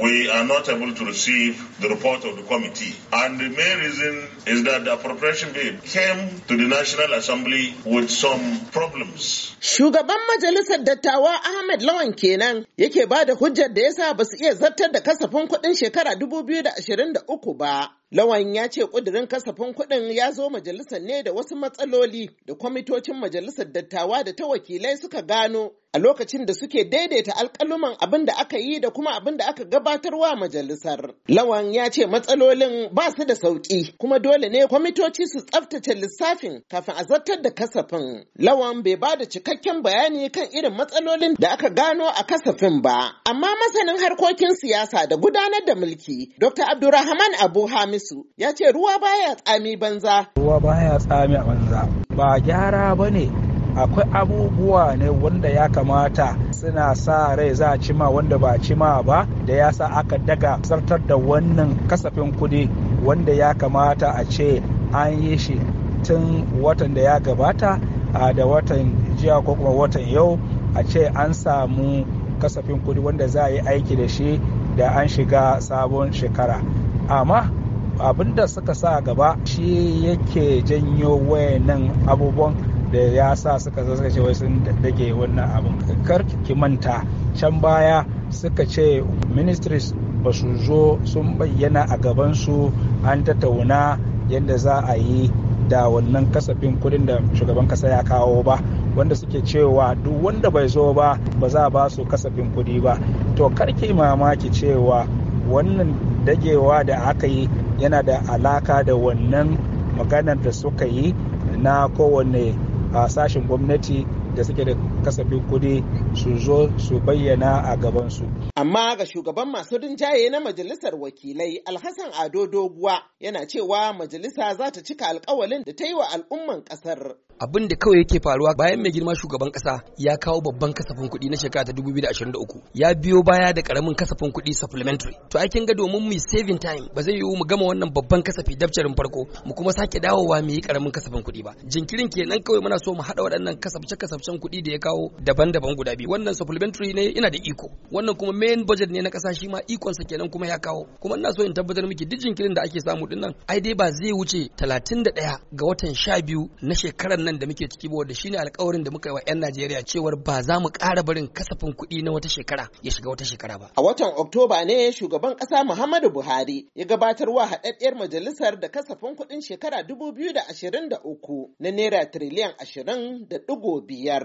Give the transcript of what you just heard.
we are not able to receive the report of the committee. And the main reason is that the appropriation bill came to the National Assembly with some problems. Shugaban Majalisar Dattawa Ahmed Lawan kenan yake ba da hujjar da yasa ba su iya zartar da kasafin kuɗin shekara 2023 ba. Lawan ya ce ƙudurin kasafin kuɗin ya zo majalisar ne da wasu matsaloli da kwamitocin majalisar dattawa da ta wakilai suka gano a lokacin da suke daidaita alƙaluman abin da aka yi da kuma abin da aka gabatarwa majalisar. Lawan ya ce matsalolin ba su da sauƙi kuma dole ne kwamitoci su tsaftace lissafin kafin a zartar da kasafin. Lawan bai ba da cikakken bayani kan irin matsalolin da aka gano a kasafin ba. Amma masanin harkokin siyasa da gudanar da mulki, Dr. Abdurrahman Abu Hamid musu ya ce ruwa baya tsami banza. Ruwa baya tsami banza ba gyara ba ne akwai abubuwa ne wanda ya kamata suna sa rai za a cima wanda ba cima ba da ya sa aka daga zartar da wannan kasafin kudi wanda ya kamata a ce an yi shi tun watan da ya gabata a da watan jiya ko kuma watan yau a ce an samu kasafin kudi wanda za a yi aiki da shi da an shiga sabon shekara amma abin da suka sa gaba shi yake janyo wayannan abubuwan da ya sa suka zo suka ce wai sun dage wannan abin kar ki manta can baya suka ce ministries ba su zo sun bayyana a gabansu an tattauna yadda za a yi da wannan kasafin kudin da shugaban kasa ya kawo ba wanda suke cewa duk wanda bai zo ba ba za a ba su kasafin kudi ba to karki mamaki cewa wannan dagewa da aka yi yana da alaka da wannan maganar da suka yi na kowane sashen gwamnati da suke da kasafin kuɗi su zo su bayyana a gabansu. Amma ga shugaban masu rinjaye na majalisar wakilai Alhassan Ado Doguwa yana cewa majalisa za ta cika alkawalin da ta yi wa al'umman ƙasar. Abin da kawai yake faruwa bayan mai girma shugaban ƙasa ya kawo babban kasafin kuɗi na shekara ta 2023 ya biyo baya da ƙaramin kasafin kuɗi supplementary. To aikin ga domin mu saving time ba zai yiwu mu gama wannan babban kasafi dabcarin farko mu kuma sake dawowa mu yi ƙaramin kasafin kuɗi ba. Jinkirin kenan kawai muna so mu haɗa waɗannan kasafce-kasafcen kuɗi da ya kawo kawo daban-daban guda biyu wannan supplementary ne yana da iko wannan kuma main budget ne na kasa shi ma ikonsa kenan kuma ya kawo kuma ina so in tabbatar miki duk jinkirin da ake samu dinnan ai dai ba zai wuce 31 ga watan 12 na shekarar nan da muke ciki ba wanda shine alƙawarin da muka yi wa 'yan Najeriya cewar ba za mu ƙara barin kasafin kuɗi na wata shekara ya shiga wata shekara ba. A watan Oktoba ne shugaban ƙasa Muhammadu Buhari ya gabatar wa haɗaɗɗiyar majalisar da kasafin kuɗin shekara 2023 na naira tiriliyan 20 da ɗigo biyar.